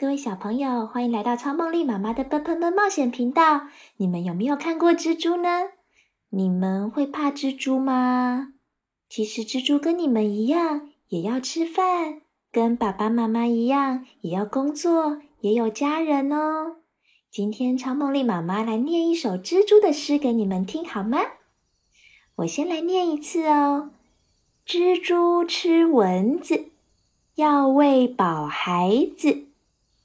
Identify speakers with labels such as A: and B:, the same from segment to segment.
A: 各位小朋友，歡迎來到超夢莉媽媽的奔奔奔冒險頻道。你們有沒有看過蜘蛛呢？你們會怕蜘蛛嗎？其實蜘蛛跟你們一樣，也要吃飯，跟爸爸媽媽一樣，也要工作，也有家人哦。今天超夢莉媽媽來念一首蜘蛛的詩給你們聽，好嗎？我先來念一次哦。蜘蛛吃蚊子，要餵飽孩子。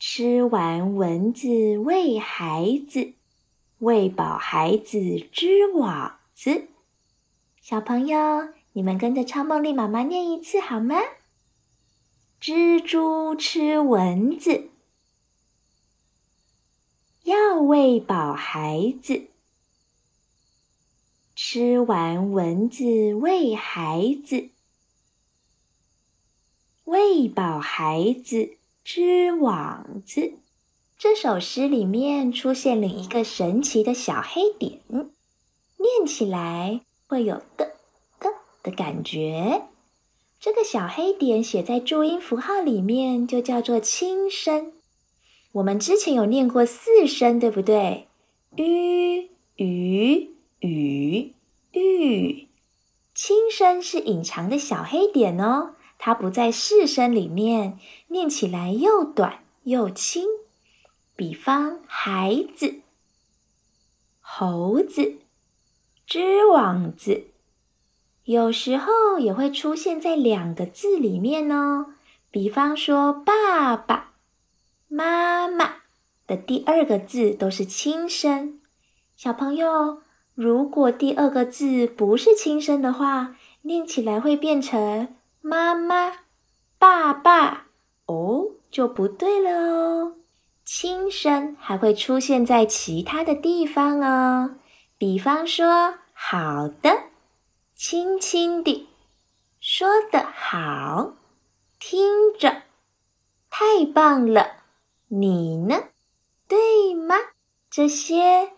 A: 吃完蚊子餵孩子，餵飽孩子織網子。小朋友，你們跟着超夢莉媽媽念一次好嗎？蜘蛛吃蚊子，要餵飽孩子。吃完蚊子餵孩子，餵飽孩子。織網子。這首詩裡面出現了一個神奇的小黑點，念起來會有的的的感覺。這個小黑點寫在注音符號裡面，就叫做輕聲。我們之前有念過四聲，對不對？ü、ü、ü、ü，輕聲是隱藏的小黑點哦。它不在四聲裡面，念起來又短又輕，比方孩子、猴子、織網子，有時候也會出現在兩個字裡面哦，比方說爸爸媽媽的第二個字都是輕聲。小朋友，如果第二個字不是輕聲的話，念起來會變成。媽媽、爸爸，哦，就不對了哦。輕聲還會出現在其他的地方哦，比方說，好的，輕輕地，說得好，聽着，太棒了，你呢？對嗎？這些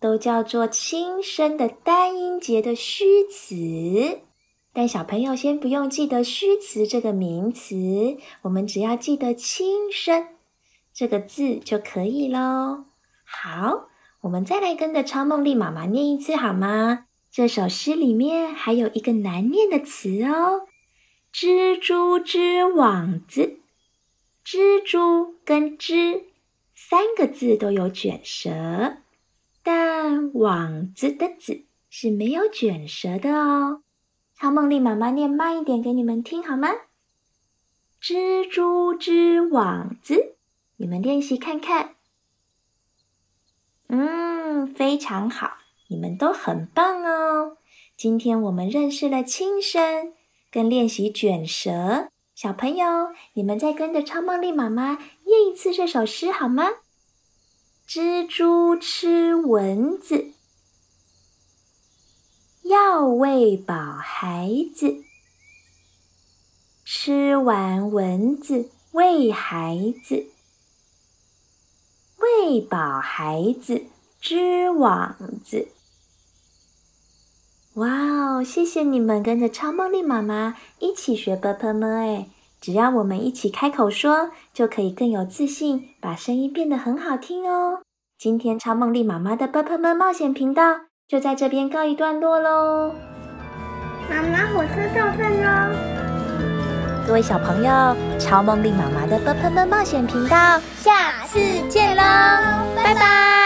A: 都叫做輕聲的單音節的虛詞。但小朋友先不用記得“虛詞”這個名詞，我們只要記得“輕聲”這個字就可以嘍。好，我們再來跟着超夢莉媽媽念一次好嗎？這首詩裡面還有一個難念的詞哦，“蜘蛛織網子”。蜘蛛跟“織”三個字都有捲舌，但“網子”的“子”是沒有捲舌的哦。超夢莉媽媽念慢一點給你們聽好嗎？蜘蛛織網子，你們練習看看。嗯，非常好，你們都很棒哦。今天我們認識了輕聲，跟練習捲舌。小朋友，你們再跟着超夢莉媽媽念一次這首詩好嗎？蜘蛛吃蚊子。要餵飽孩子，吃完蚊子餵孩子，餵飽孩子織網子。哇哦！謝謝你們跟着超夢莉媽媽一起學誒 “ㄅㄆㄇ” 誒，只要我們一起開口說，就可以更有自信，把聲音變得很好聽哦。今天超夢莉媽媽的 “ㄅㄆㄇ” 冒險頻道，就在這邊告一段落嘍，媽媽，火車到站嘍。各位小朋友，超夢莉媽媽的“蹦蹦們”冒險頻道，下次見嘍，拜拜。拜拜拜拜。